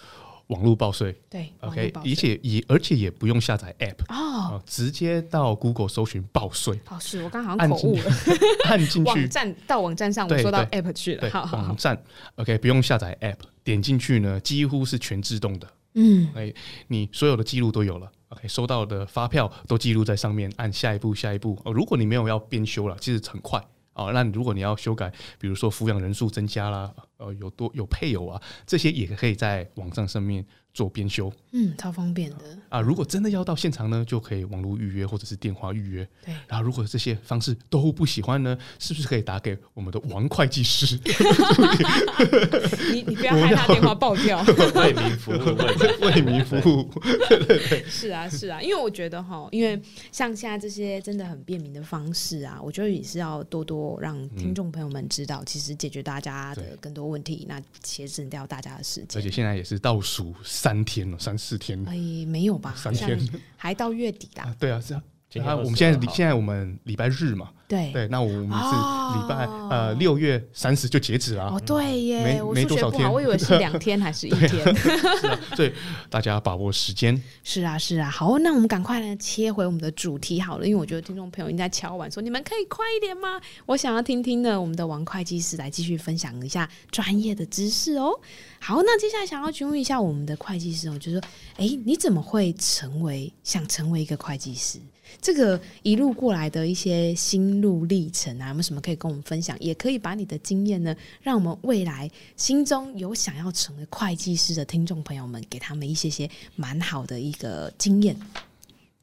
網絡報稅。對，OK，而且也而且也不用下載 App 哦、呃，直接到 Google 搜尋報稅。哦、是我剛剛好是我剛好像口誤了，按進進去， 按進去網站到網站上，我說到 App 去了。好，好好，網站 OK，不用下載 App，點進去呢幾乎是全自動的。Okay, 嗯 o 你所有的記錄都有了，OK，收到的發票都記錄在上面，按下一步，下一步。哦，如果你沒有要編修了，其實很快哦。那如果你要修改，比如說撫養人數增加啦，呃，有多有配偶啊，這些也可以在網上上面。做編修，嗯，超方便的啊！如果真的要到現場呢，就可以網絡預約或者是電話預約。對，然後如果這些方式都不喜歡呢，是不是可以打給我們的王會計師？ 你你不要害怕電話爆掉，為民服務，為民服務，是啊，是啊，因為我覺得哈，因為像現在這些真的很便民的方式啊，我覺得也是要多多讓聽眾朋友們知道，其實解決大家的更多問題，嗯、那節省掉大家的時間。而且現在也是倒數三。三天了，三四天，哎，沒有吧？三天，還到月底啊，對啊，是啊。好，我們現在現在我們禮拜日嘛，對對，那我們是禮拜、哦、呃六月三十就截止了，哦對耶，沒沒多少天，我數學不好，我以為是兩天還是一天，是啊，所以大家把握時間。 是啊是啊，好，那我們趕快來切回我們的主題好了，因為我覺得聽眾朋友應該敲碗說，你們可以快一點嗎？我想要聽聽呢，我們的王會計師來繼續分享一下專業的知識哦。好，那接下來想要詢問一下我們的會計師，我就是、說，哎、欸，你怎麼會成為想成為一個會計師？這個一路過來的一些心路歷程啊，有沒有什麼可以跟我們分享？也可以把你的經驗呢，讓我們未來心中有想要成為會計師的聽眾朋友們，給他們一些些蠻好的一個經驗。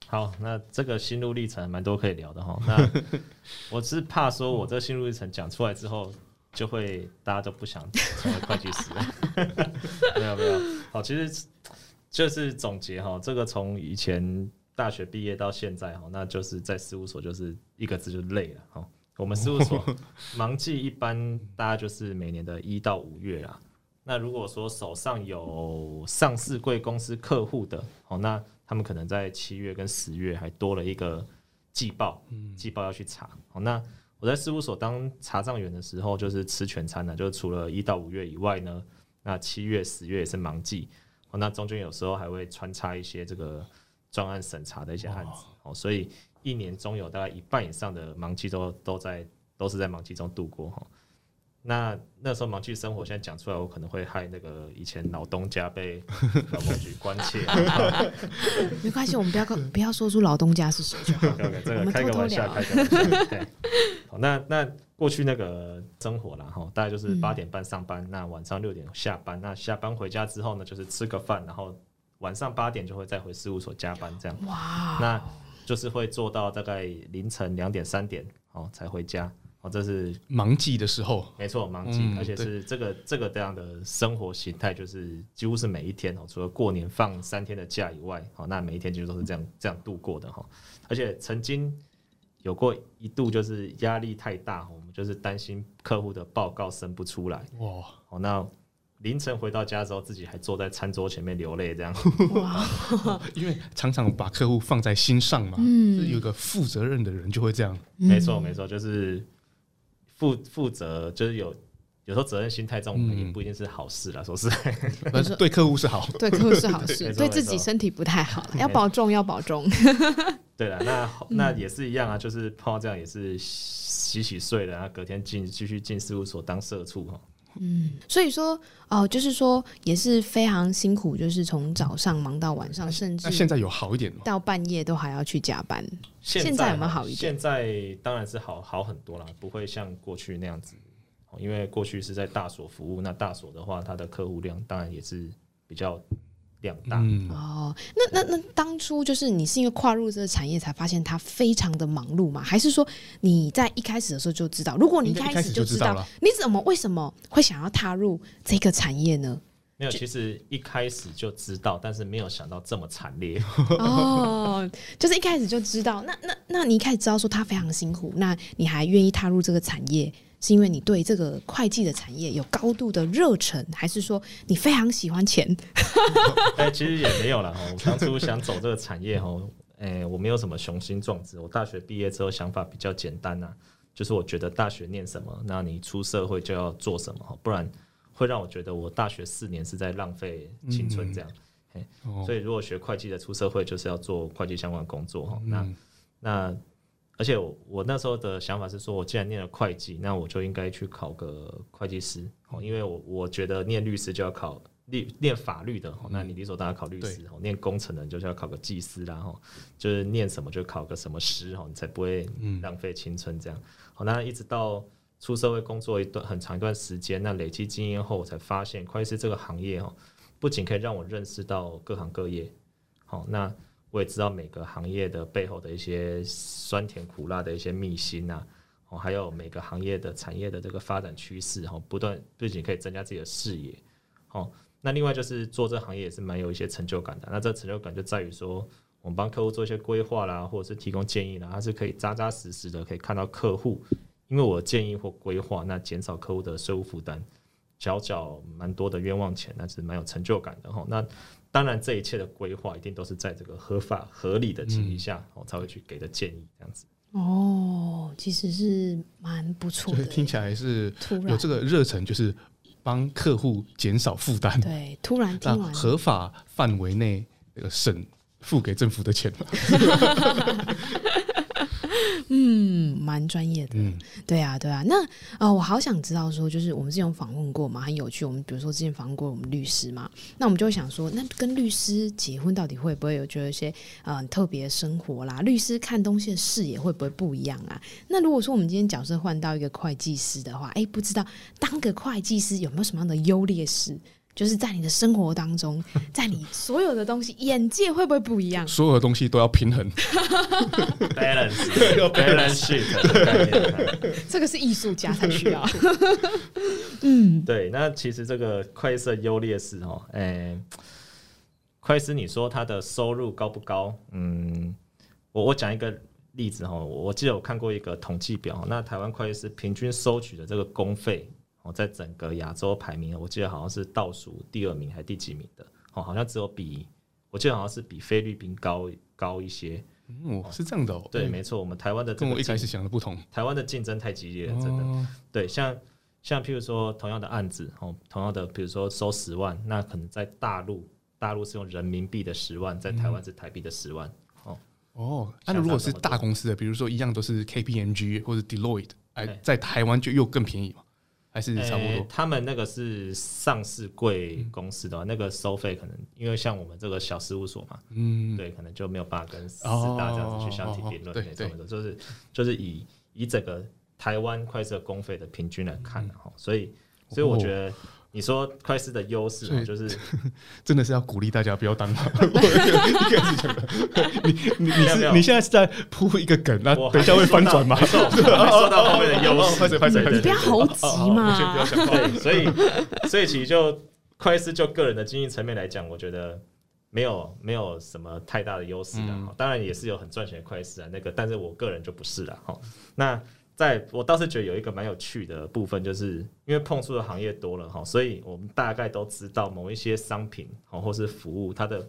好，那這個心路歷程蠻多可以聊的哈。那我是怕說，我這心路歷程講出來之後，就會大家都不想成為會計師啊。 沒有沒有，好，其實就是總結哈，這個從以前。大學畢業到現在哈，那就是在事務所就是一個字，就累了哈。我們事務所忙季一般，大家就是每年的一到五月啊。那如果說手上有上市櫃公司客戶的哦，那他們可能在七月跟十月還多了一個季報，季報要去查。那我在事務所當查賬員的時候，就是吃全餐的，就是除了一到五月以外呢，那七月十月也是忙季。哦，那中間有時候還會穿插一些這個。專案審查的一些案子，哦，哦，所以一年中有大概一半以上的忙季都都在都是在忙季中度過哈、哦。那那時候忙季生活，現在講出來，我可能會害那個以前老東家被老東局關切。沒關係，我們不要不要說出老東家是誰就好。這個開個玩笑，偷偷 開個玩笑。好、哦，那那過去那個生活了哈、哦，大概就是八點半上班，嗯、那晚上六點下班，那下班回家之後呢，就是吃個飯，然後。晚上八點就會再回事務所加班，這樣，哇，那就是會做到大概凌晨兩點三點，哦，才回家，哦，這是忙季的時候，沒錯，忙季，嗯、而且是這個對 這個這樣的生活形態，就是幾乎是每一天哦，除了過年放三天的假以外，哦，那每一天就都是這樣這樣度過的哈、哦，而且曾經有過一度就是壓力太大、哦，我們就是擔心客戶的報告生不出來，哇，哦，那。凌晨回到家之後，自己還坐在餐桌前面流淚，這樣，哇 因為常常把客戶放在心上嘛，嗯、就是有個負責任的人就會這樣。嗯、沒錯，沒錯，就是負負責，就是有有時候責任心太重，肯定不一定是好事啦，嗯、說是，錯 是對客戶是好，對客戶是好事，錯對自己身體不太好，嗯、要保重，要保重。 對啦，那那也是一樣啊，就是碰到這樣也是洗洗睡了，然後隔天進繼續進事務所當社畜嗯，所以說哦，就是說也是非常辛苦，就是從早上忙到晚上，啊、甚至現在有好一點嗎？到半夜都還要去加班。現在,現在有沒有好一點？現在當然是好好很多了，不會像過去那樣子。因為過去是在大所服務，那大所的話，它的客戶量當然也是比較。量兩大。嗯、哦，那那那當初就是你是因為跨入這個產業才發現它非常的忙碌嗎？還是說你在一開始的時候就知道？如果你一開始就知道，你，就知道你怎麼為什麼會想要踏入這個產業呢？沒有，其實一開始就知道，但是沒有想到這麼慘烈 哦，就是一開始就知道。那那那你一開始知道說它非常辛苦，那你還願意踏入這個產業？是因為你對這個會計的產業有高度的熱忱，還是說你非常喜歡錢？哎、 欸，其實也沒有啦。 我當初想走這個產業哦，哎、欸，我沒有什麼雄心壯志。我大學畢業之後想法比較簡單吶、啊，就是我覺得大學念什麼，那你出社會就要做什麼，不然會讓我覺得我大學四年是在浪費青春這樣。所以如果學會計的出社會，就是要做會計相關工作哈。那、嗯、那。而且我我那時候的想法是說，我既然念了會計，那我就應該去考個會計師哦，因為我我覺得念律師就要考律，念法律的哦，那你理所當然考律師哦，嗯、念工程的你就是要考個技師啦吼，就是念什麼就考個什麼師哦，你才不會浪費青春這樣。好、嗯，那一直到出社會工作一段很長一段時間，那累積經驗後，我才發現會計師這個行業哦，不僅可以讓我認識到各行各業，好那。我也知道每個行業的背後的一些酸甜苦辣的一些秘辛吶，哦，還有每個行業的產業的這個發展趨勢，然後不斷不僅可以增加自己的視野，哦，那另外就是做這行業也是蠻有一些成就感的。那這成就感就在於說，我們幫客戶做一些規劃啦，或者是提供建議啦，它是可以扎扎實實的可以看到客戶，因為我建議或規劃，那減少客戶的稅務負擔，少繳蠻多的冤枉錢，那是蠻有成就感的哈、哦。那。當然，這一切的規劃一定都是在這個合法合理的前提下，我、嗯、才會去給的建議這樣子。哦，其實是蠻不錯的，聽起來是有這個熱忱，就是幫客戶減少負擔。對，突然聽完合法範圍內那個省付給政府的錢。 嗯，蠻專業的。對啊，對啊。那啊、呃，我好想知道說，就是我們之前訪問過嘛，很有趣。我們比如說之前訪問過我們律師嘛，那我們就會想說，那跟律師結婚到底會不會有就有一些嗯、呃、特別的生活啦？律師看東西的視野會不會不一樣啊？那如果說我們今天角色換到一個會計師的話，哎、欸，不知道當個會計師有沒有什麼樣的優劣勢？就是在你的生活當中，在你所有的東西，呵呵眼界，會不會不一樣啊？所有的東西都要平衡 ，balance，這個 balance，這個是藝術家才需要。嗯，對。那其實這個會計師的優劣勢哦，哎、欸，會計師你說他的收入高不高？嗯，我我講一個例子哈，我記得我看過一個統計表，那台灣會計師平均收取的這個公費，我在整個亞洲排名，我記得好像是倒數第二名，還是第幾名的哦？好像只有比我記得好像是比菲律賓高高一些。哦、嗯，是這樣的，哦。對，沒錯。我們台灣的跟我一開始想的不同，台灣的競爭太激烈了，真的。哦、對，像像譬如說同樣的案子，哦，同樣的，比如說收十萬，那可能在大陸，大陸是用人民幣的十萬，在台灣是台幣的十萬。哦、嗯、哦，那如果是大公司的，比如說一樣都是 KPMG 或者 Deloitte，哎、欸，在台灣就又更便宜嘛。還是差不多、欸，他們那個是上市櫃公司的，嗯，那個收費，可能因為像我們這個小事務所嘛，嗯，對，可能就沒有辦法跟四大這樣子去相提並論。沒錯沒錯，就是就是以以整個台灣會計師公費的平均來看的，啊、哈，嗯，所以所以我覺得、哦。你說會計的優勢、啊，就是真的是要鼓勵大家不要當他 你你你是你現在是在鋪一個梗，那、啊、等一下會翻轉嗎？說錯 到後面的優勢，你不要猴急嘛。所以所以其實就會計就個人的經營層面來講，我覺得沒有沒有什麼太大的優勢的。嗯、當然也是有很賺錢的會計啊，那個，但是我個人就不是了。好，那。在我倒是覺得有一個蠻有趣的部分，就是因為碰觸的行業多了哈，所以我們大概都知道某一些商品或是服務它的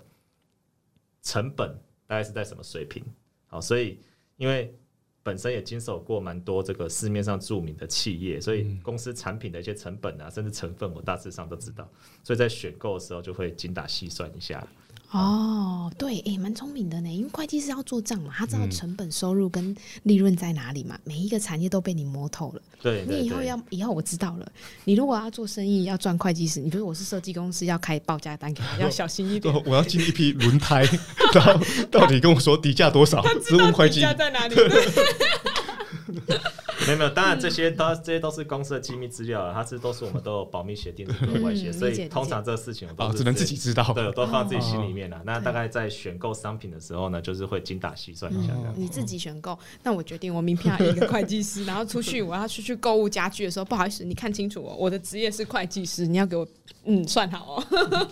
成本大概是在什麼水平好，所以因為本身也經手過蠻多這個市面上著名的企業，所以公司產品的一些成本啊甚至成分我大致上都知道，所以在選購的時候就會精打細算一下。哦，對，誒、欸，蠻聰明的呢，因為會計師要做賬嘛，他知道成本、收入跟利潤在哪裡嘛，嗯、每一個產業都被你摸透了。對，對，你以後要以後我知道了，你如果要做生意 要賺會計師，你比如我是設計公司要開報價單給，要小心一點。哦哦、我要進一批輪胎，到 到底跟我說底價多少？他，他知道底價在哪裡？ 沒有沒有，當然這些都、嗯、這些都是公司的機密資料了，它是都是我們都有保密協定的。所以通常這個事情我、哦、只能自己知道，對，我都放在自己心裡面了。哦、那大概在選購商品的時候呢，就是會精打細算一下，嗯。你自己選購，那我決定我名片要印一個會計師， 然後出去我要出去購物家具的時候，不好意思，你看清楚哦，我的職業是會計師，你要給我嗯算好哦。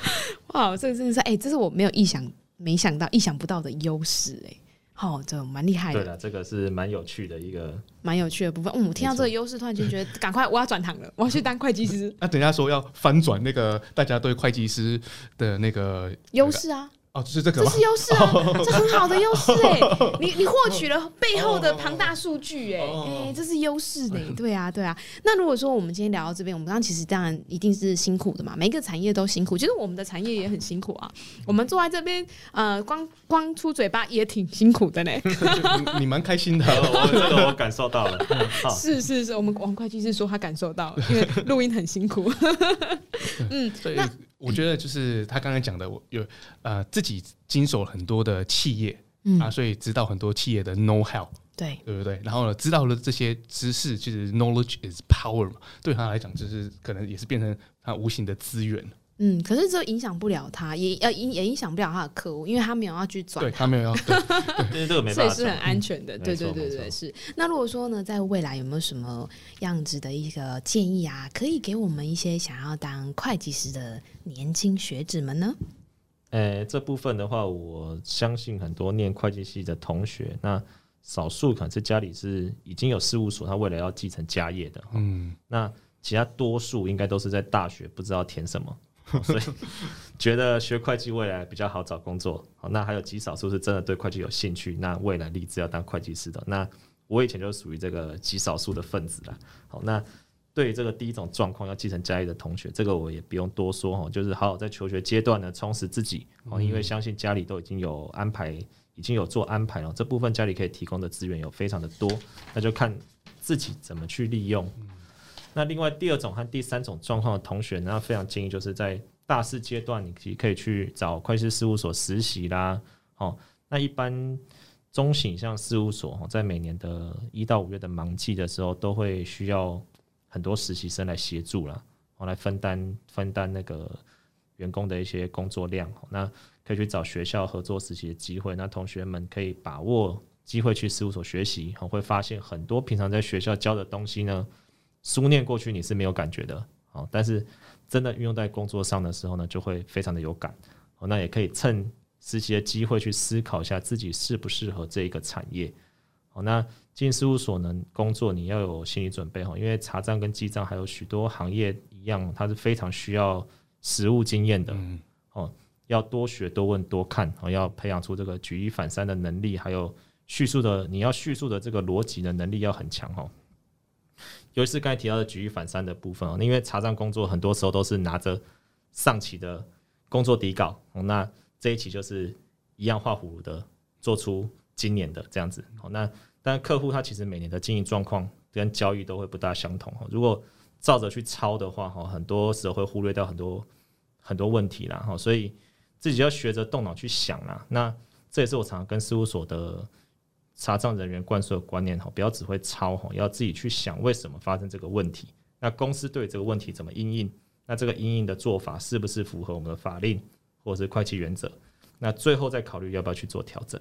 哇，這個真的是，哎，欸，這是我沒有意想沒想到，意想不到的優勢哎。好、哦，這蠻厲害的。對的，這個是蠻有趣的一個，蠻有趣的部分。嗯，我聽到這個優勢，突然間覺得，趕快我要轉行了，我要去當會計師。那、 啊、等一下說要翻轉那個大家對會計師的那個優勢啊。哦就是、這，個這是優勢、啊、哦，這很好的優勢哎！你你獲取了背後的龐大數據哎、欸、哎、哦欸，這是優勢的對啊對啊。那如果說我們今天聊到這邊，我們剛其實當然一定是辛苦的嘛，每一個產業都辛苦，其實我們的產業也很辛苦啊。我們坐在這邊，呃，光光出嘴巴也挺辛苦的呢 。你蠻開心的、啊 哦，我這個我感受到了。嗯、是是是，我們王會計師說他感受到了，因為錄音很辛苦。 嗯。那。所以我覺得就是他剛才講的，有呃自己經手很多的企業，嗯、啊，所以知道很多企業的 know how，對對不對？然後呢，知道了這些知識，就是 knowledge is power 嘛，對他來講，就是可能也是變成他無形的資源。嗯，可是這影響不了他，也要影，也影響不了他的客戶，因為他沒有要去轉，對他沒有要，所以這個沒辦法， 所以是很安全的。嗯、對，對對對對，是。那如果說呢，在未來有沒有什麼樣子的一個建議啊，可以給我們一些想要當會計師的年輕學子們呢？呃、欸，這部分的話，我相信很多念會計系的同學，那少數可能是家裡是已經有事務所，他未來要繼承家業的，嗯，那其他多數應該都是在大學不知道填什麼。 所以覺得學會計未來比較好找工作。好，那還有極少數是真的對會計有興趣，那未來立志要當會計師的，那我以前就屬於這個極少數的分子啦。好，那對於這個第一種狀況要繼承家業的同學，這個我也不用多說哈，就是好好在求學階段呢充實自己哦，因為相信家裡都已經有安排，已經有做安排了，這部分家裡可以提供的資源有非常的多，那就看自己怎麼去利用。那另外第二種和第三種狀況的同學呢，那非常建議就是在大四階段，你可可以去找會計師事務所實習啦。哦，那一般中型像事務所在每年的一到五月的忙季的時候，都會需要很多實習生來協助啦，哦，來分擔分擔那個員工的一些工作量。哦，那可以去找學校合作實習的機會，那同學們可以把握機會去事務所學習，會發現很多平常在學校教的東西呢。書念過去你是沒有感覺的，但是真的運用在工作上的時候呢，就會非常的有感。那也可以趁實習的機會去思考一下自己適不適合這一個產業。好，那進事務所呢，工作，你要有心理準備，因為查賬跟記賬還有許多行業一樣，它是非常需要實務經驗的。哦，要多學多問多看，要培養出這個舉一反三的能力，還有敘述的你要敘述的這個邏輯的能力要很強。尤其是剛才提到的舉一反三的部分，哦，因為查賬工作很多時候都是拿着上期的工作底稿，哦，那這一期就是一樣畫葫蘆的做出今年的這樣子。哦，那但客戶他其實每年的經營狀況跟交易都會不大相同，哦，如果照着去抄的話哈，哦，很多時候會忽略掉很多很多問題啦哈，哦，所以自己要學着動腦去想啦。那這也是我常常跟事務所的。查賬人員灌輸的觀念好，不要只會抄哈，要自己去想為什麼發生這個問題。那公司對這個問題怎麼因應？那這個因應的做法是不是符合我們的法令或是會計原則？那最後再考慮要不要去做調整。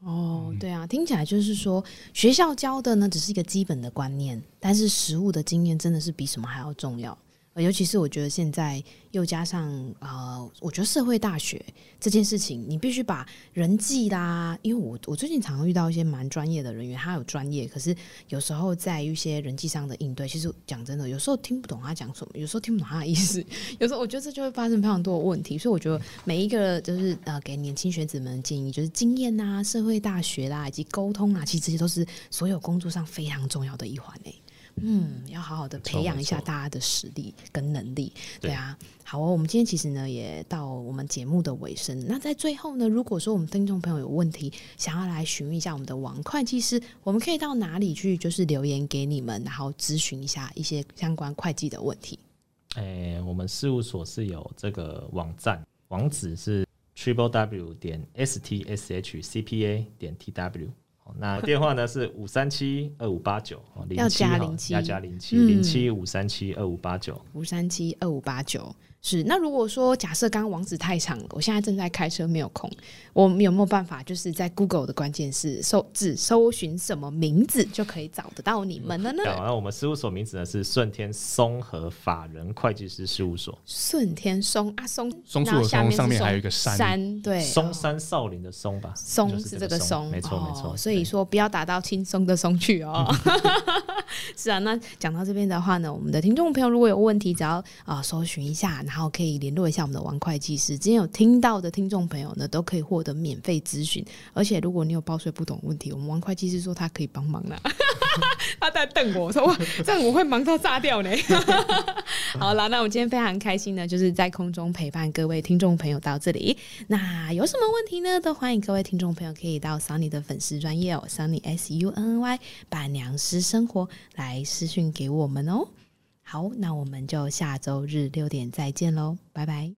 哦，對啊，聽起來就是說學校教的呢只是一個基本的觀念，但是實務的經驗真的是比什麼還要重要。尤其是我覺得現在又加上呃，我覺得社會大學這件事情，你必須把人際啦，因為我我最近常常遇到一些蠻專業的人員，他有專業，可是有時候在一些人際上的應對，其實講真的，有時候聽不懂他講什麼，有時候聽不懂他的意思，有時候我覺得這就會發生非常多的問題。所以我覺得每一個就是啊、呃，給年輕學子們建議，就是經驗啊、社會大學啦，以及溝通啊，其實這些都是所有工作上非常重要的一環誒、欸。嗯，要好好的培養一下大家的實力跟能力，沒錯，對啊。好哦，我們今天其實呢也到我們節目的尾聲。那在最後呢，如果說我們聽眾朋友有問題，想要來詢問一下我們的王會計師，我們可以到哪裡去？就是留言給你們，然後諮詢一下一些相關會計的問題。誒、欸，我們事務所是有這個網站，網址是 Triple W 點 s t s h c p a 點 t w。 那電話呢是五三七二五八九，零七要加零七，要加零七要加零七五三七二五八九五三七二五八九。是，那如果說假設剛剛網址太長了，我現在正在開車沒有空，我們有沒有辦法就是在 Google 的關鍵字搜只搜尋什麼名字就可以找得到你們了呢？對、哦，好，那我們事務所名字呢是順天松和法人會計師事務所。順天松啊，松松樹的松上面還有一個山，山，對，松山少林的松吧，松、哦、是這個松，沒錯沒錯。所以說不要打到輕鬆的鬆去哦。 是啊，那講到這邊的話呢，我們的聽眾朋友如果有問題，只要啊、呃、搜尋一下。然後可以聯絡一下我們的王會計師，今天有聽到的聽眾朋友呢，都可以獲得免費諮詢。而且如果你有報稅不懂問題，我們王會計師說他可以幫忙呢。 他在瞪我說：“這樣我會忙到炸掉呢。”好了，那我們今天非常開心的，就是在空中陪伴各位聽眾朋友到這裡。那有什麼問題呢？都歡迎各位聽眾朋友可以到 Sunny 的粉絲專頁、哦、s u n n y S U N N Y，把糧食生活來私訊給我們哦。好，那我們就下周日六點再見嘍，拜拜。